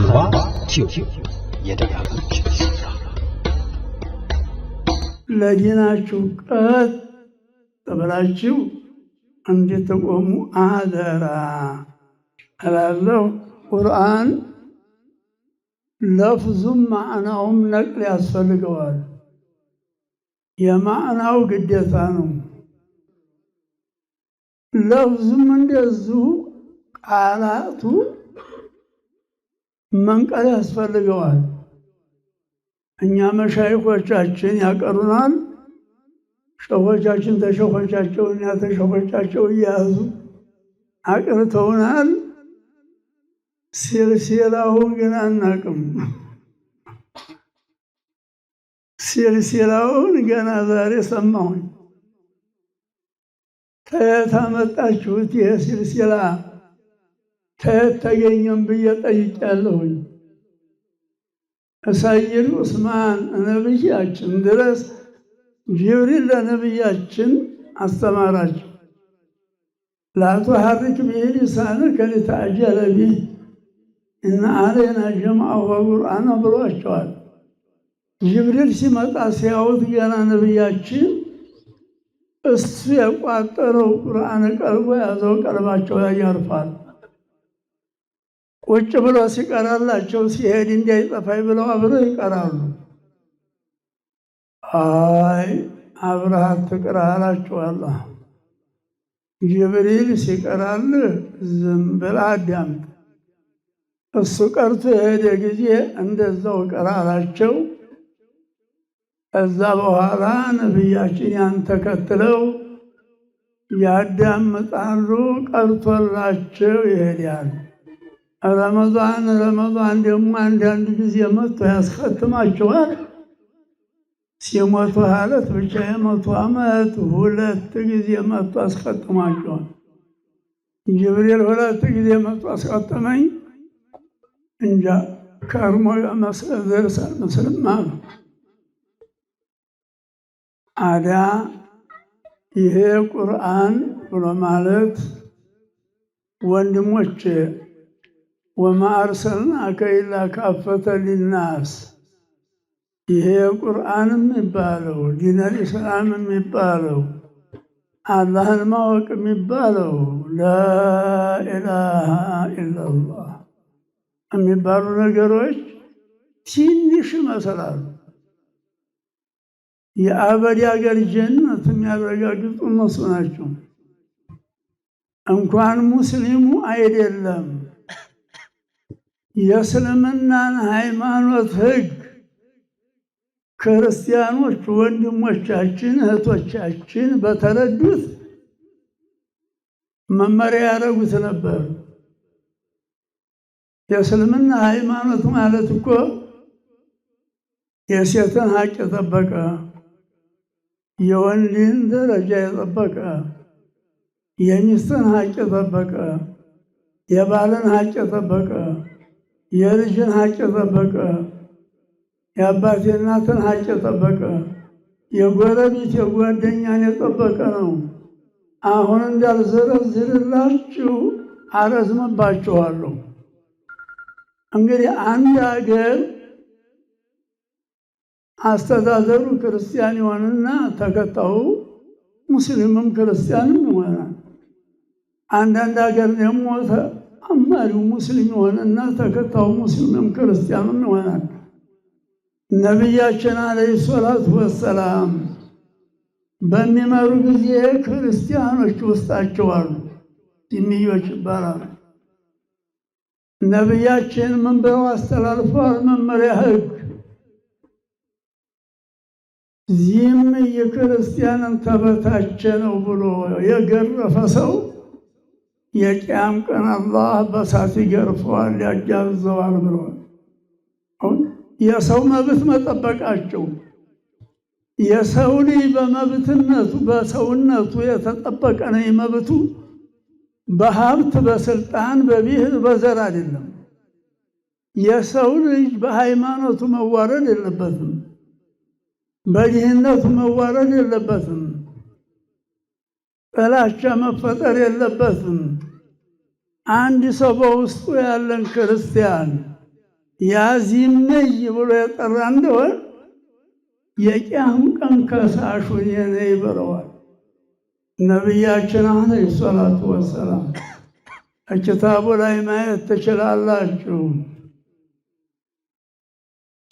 ጀልባ ቲዩብ የደጋጎች ቀጥ ብላችሁ እንድትቆሙ አደራ እላለሁ። ቁርአን ለፍዙም ማዕናውም ነቅል ያስፈልገዋል። የማዕናው ግዴታ ነው። ለፍዙም እንደዚሁ ቃላቱ መንቀል ያስፈልገዋል። እኛ መሻይኮቻችን ያቀሩናል። ሸሆቻችን ተሸኾቻቸው እና ተሸሆቻቸው እያያዙ አቅርተውናል። ሲልሲላውን ግን አናቅም። ሲልሲላውን ገና ዛሬ ሰማሁኝ። ከየት አመጣችሁት ይሄ ሲልሲላ? ተተገኘም ብዬ ጠይቄያለሁኝ። እሳይሉ እስማን ነብያችን ድረስ ጅብሪል ለነብያችን አስተማራቸው። ላቱ ሀሪክ ብሄ ሳነ ሊተዓጀለ ቢህ እና አለና ጀምዐሁ ወቁርአን ብሏቸዋል። ጅብሪል ሲመጣ ሲያዩት ገና ነብያችን እሱ የቋጠረው ቁርአን ቀርቦ ያዘው ቀልባቸው ላይ ያርፋል። ቁጭ ብሎ ሲቀራላቸው ሲሄድ እንዳይጠፋኝ ብለው አብረው ይቀራሉ። አይ አብረሃት ትቅራ አላችኋለሁ። ጅብሪል ሲቀራልህ ዝም ብለህ አዳምጥ። እሱ ቀርቶ የሄደ ጊዜ እንደዛው ቅራ አላቸው። ከዛ በኋላ ነቢያችን ያን ተከትለው ያዳምጣሉ፣ ቀርቶላቸው ይሄዳሉ። ረመዷን ረመዷን ደግሞ አንዳንድ ጊዜ መጥቶ ያስከትማቸዋል። ሲመቱ ሀለት ብቻ የመቶ ዓመት ሁለት ጊዜ መጥቶ አስከትማቸዋል። ጅብሪል ሁለት ጊዜ መጥቶ አስከተመኝ። እንጃ ከርሞ ደርሳል ምስልም አሉ አዳ ይሄ ቁርአን ብሎ ማለት ወንድሞች ወማ አርሰልናከ ኢላ ካፈተ ሊናስ። ይሄ ቁርአን የሚባለው ዲነል ኢስላም የሚባለው አላህን ማወቅ የሚባለው ላኢላሃ ኢላላህ የሚባሉ ነገሮች ትንሽ ይመስላሉ። የአበድ ሀገር ጀነት የሚያረጋግጡ እነሱ ናቸው። እንኳን ሙስሊሙ አይደለም የእስልምናን ሃይማኖት ህግ ክርስቲያኖች ወንድሞቻችን እህቶቻችን በተረዱት መመሪያ ያደረጉት ነበር። የእስልምና ሃይማኖት ማለት እኮ የሴትን ሀቅ የጠበቀ የወንድን ደረጃ የጠበቀ የሚስትን ሀቅ የጠበቀ የባልን ሀቅ የጠበቀ የልጅን ሀቅ የጠበቀ የአባት እናትን ሀቅ የጠበቀ የጎረቤት የጓደኛን የጠበቀ ነው። አሁን እንዳልዘረዝርላችሁ አረዝምባችኋለሁ። እንግዲህ አንድ ሀገር አስተዳደሩ ክርስቲያን ይሆንና ተከታው ሙስሊምም ክርስቲያንም ይሆናል። አንዳንድ ሀገር ደግሞ አማሪው ሙስሊም የሆነና ተከታው ሙስሊምም ክርስቲያንም ይሆናል። ነቢያችን አለይ ሰላቱ ወሰላም በሚመሩ ጊዜ ክርስቲያኖች ውስጣቸው አሉ፣ ሱኒዮች ይባላሉ። ነቢያችን ምን ብለው አስተላልፈዋል? መመሪያ ህግ ዚህም የክርስቲያንን ተበታቸ ነው ብሎ የገረፈ ሰው የቅያም ቀን አላህ በሳት ይገርፈዋል ያጃዝዘዋል ብለዋል። አሁን የሰው መብት መጠበቃቸው የሰው ልጅ በመብትነቱ በሰውነቱ የተጠበቀ ነው። መብቱ በሀብት በስልጣን በብሔር በዘር አይደለም። የሰው ልጅ በሃይማኖቱ መዋረድ የለበትም። በድህነቱ መዋረድ የለበትም። ጥላቻ መፈጠር የለበትም። አንድ ሰው በውስጡ ያለን ክርስቲያን ያዚነይ ብሎ የጠራ እንደሆን የቂያም ቀን ከሳሹን የነ ይበለዋል። ነቢያችን አለይሂ ሰላቱ ወሰላም ከኪታቡ ላይ ማየት ትችላላችሁ።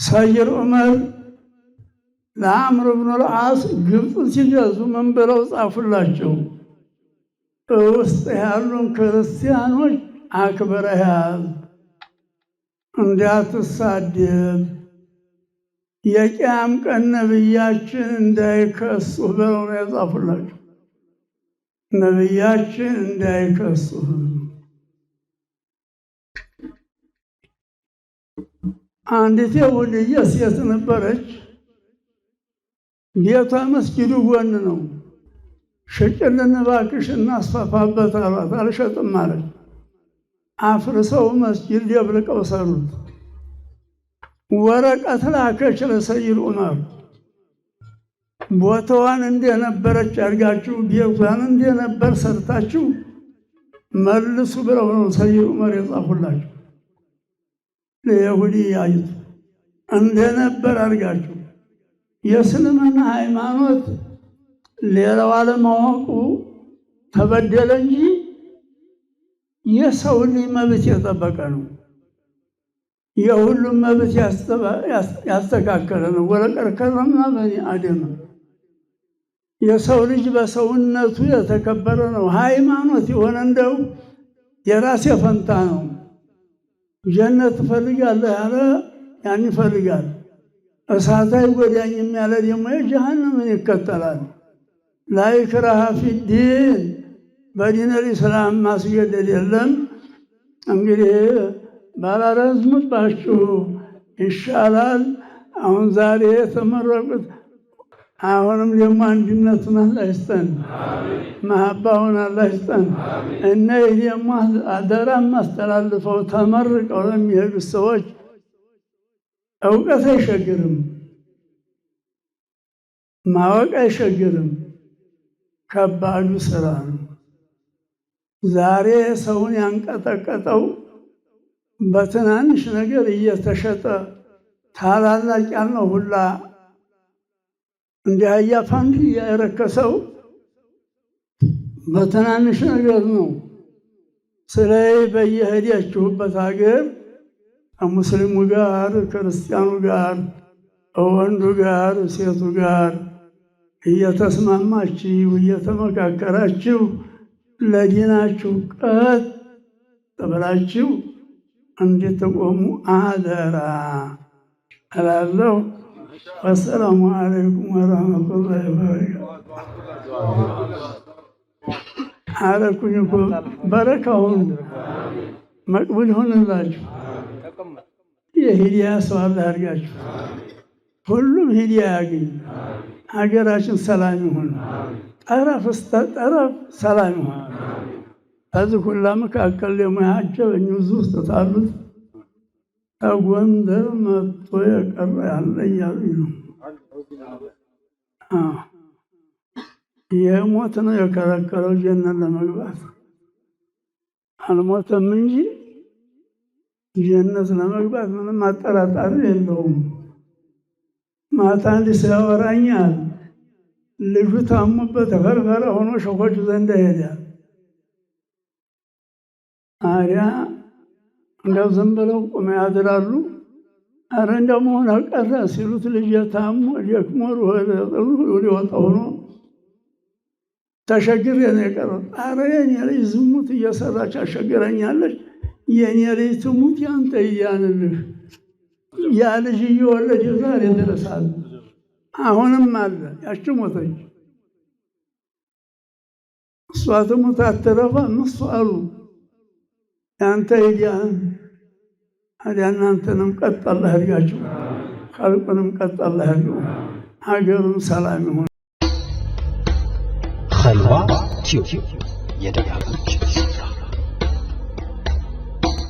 ሰይር ዑመር ለአምር ብኑ ልዓስ ግብፅ ሲገዙ ምን ብለው ጻፉላቸው? ውስጥ ያሉን ክርስቲያኖች አክብረህ እንዳትሳድብ እንዳትሳደብ፣ የቅያም ቀን ነቢያችን እንዳይከሱ ብለው ነው የጻፉላቸው። ነቢያችን እንዳይከሱ አንዲት የውልየ ሴት ነበረች። ቤቷ መስጊዱ ጎን ነው። ሽጭልን እባክሽ እናስፋፋበት አሏት። አልሸጥም አለች። አፍርሰው መስጂድ ደብልቀው ሰሩት። ወረቀት ላከች ለሰይድ ዑመር ቦታዋን እንደነበረች አድርጋችሁ ቤቷን እንደነበር ሰርታችሁ መልሱ ብለው ነው ሰይድ ዑመር የጻፉላችሁ። ለይሁዲ ያዩት እንደነበር አድርጋችሁ የእስልምና ሃይማኖት ሌላው አለማወቁ ተበደለ እንጂ የሰው ልጅ መብት የጠበቀ ነው። የሁሉም መብት ያስተካከለ ነው። ወለቀድ ከረምና በኒ አደም የሰው ልጅ በሰውነቱ የተከበረ ነው። ሃይማኖት የሆነ እንደው የራሴ ፈንታ ነው። ጀነት ትፈልጋለህ ያለ ያን ይፈልጋል። እሳት አይጎዳኝም ያለ ደግሞ የጀሃነምን ይከተላል። ላይክራሃ ፊዲን በዲነል ኢስላም ማስገደድ የለም። እንግዲህ ባላረዝምባችሁ ይሻላል። አሁን ዛሬ የተመረቁት አሁንም ደግሞ አንድነቱን አላህ ይስጠን፣ መሀባውን አላህ ይስጠን። እና ይህ ደግሞ አደራም አስተላልፈው ተመርቀው ለሚሄዱት ሰዎች እውቀት አይሸግርም፣ ማወቅ አይሸግርም። ከባዱ ስራ ነው። ዛሬ ሰውን ያንቀጠቀጠው በትናንሽ ነገር እየተሸጠ ታላላቅ ያልነው ሁላ እንደ አህያ ፋንድ በትናንሽ ነገር ነው። ስለይ በየሄዳችሁበት ሀገር ከሙስሊሙ ጋር፣ ክርስቲያኑ ጋር፣ ወንዱ ጋር፣ ሴቱ ጋር እየተስማማችሁ እየተመካከራችሁ ለዲናችሁ ቀጥ ብላችሁ እንድትቆሙ አደራ እላለሁ። ወሰላሙ አለይኩም ወረህመቱላሂ ወበረካቱህ። አረኩኝ እኮ በረካውን መቅቡል ይሆንላችሁ። የሂዲያ ሰው አላህ ያድርጋችሁ። ሁሉም ሂዳያ ያገኝ። ሀገራችን ሰላም ይሁን፣ ጠረፍ እስከ ጠረፍ ሰላም ይሁን። በዚህ ሁላ መካከል ደግሞ ያጀበኝ ብዙ ውስጥ ታሉት ከጎንደር መጥቶ የቀረ ያለ እያሉ ነው። የሞት ነው የከረከረው ጀነት ለመግባት አልሞተም እንጂ ጀነት ለመግባት ምንም አጠራጣሪ የለውም። ማታ እንዲህ ሲያወራኛል ልጁ ታሙበት ተፈርፈረ ሆኖ ሸኮቹ ዘንድ ሄደ። አሪያ እንደው ዝም ብለው ቁመ ያድራሉ። አረ እንደው መሆን አልቀረ ሲሉት ልጅ ታሙ ደክሞ ሊወጣ ሆኖ ተሸግር ነው የቀረው። አረ የኔ ልጅ ዝሙት እየሰራች አሸግረኛለች። የኔ ልጅ ትሙት ያንተ እያንልህ ያ ልጅ እየወለደ ዛሬ አሁንም አለ ያች ሞተች። እሷ ትሙት አሉ ያንተ እናንተንም ቀጥ አላህ ያድርጋችሁ፣ ሀገሩም ሰላም ይሁን። ቲዩብ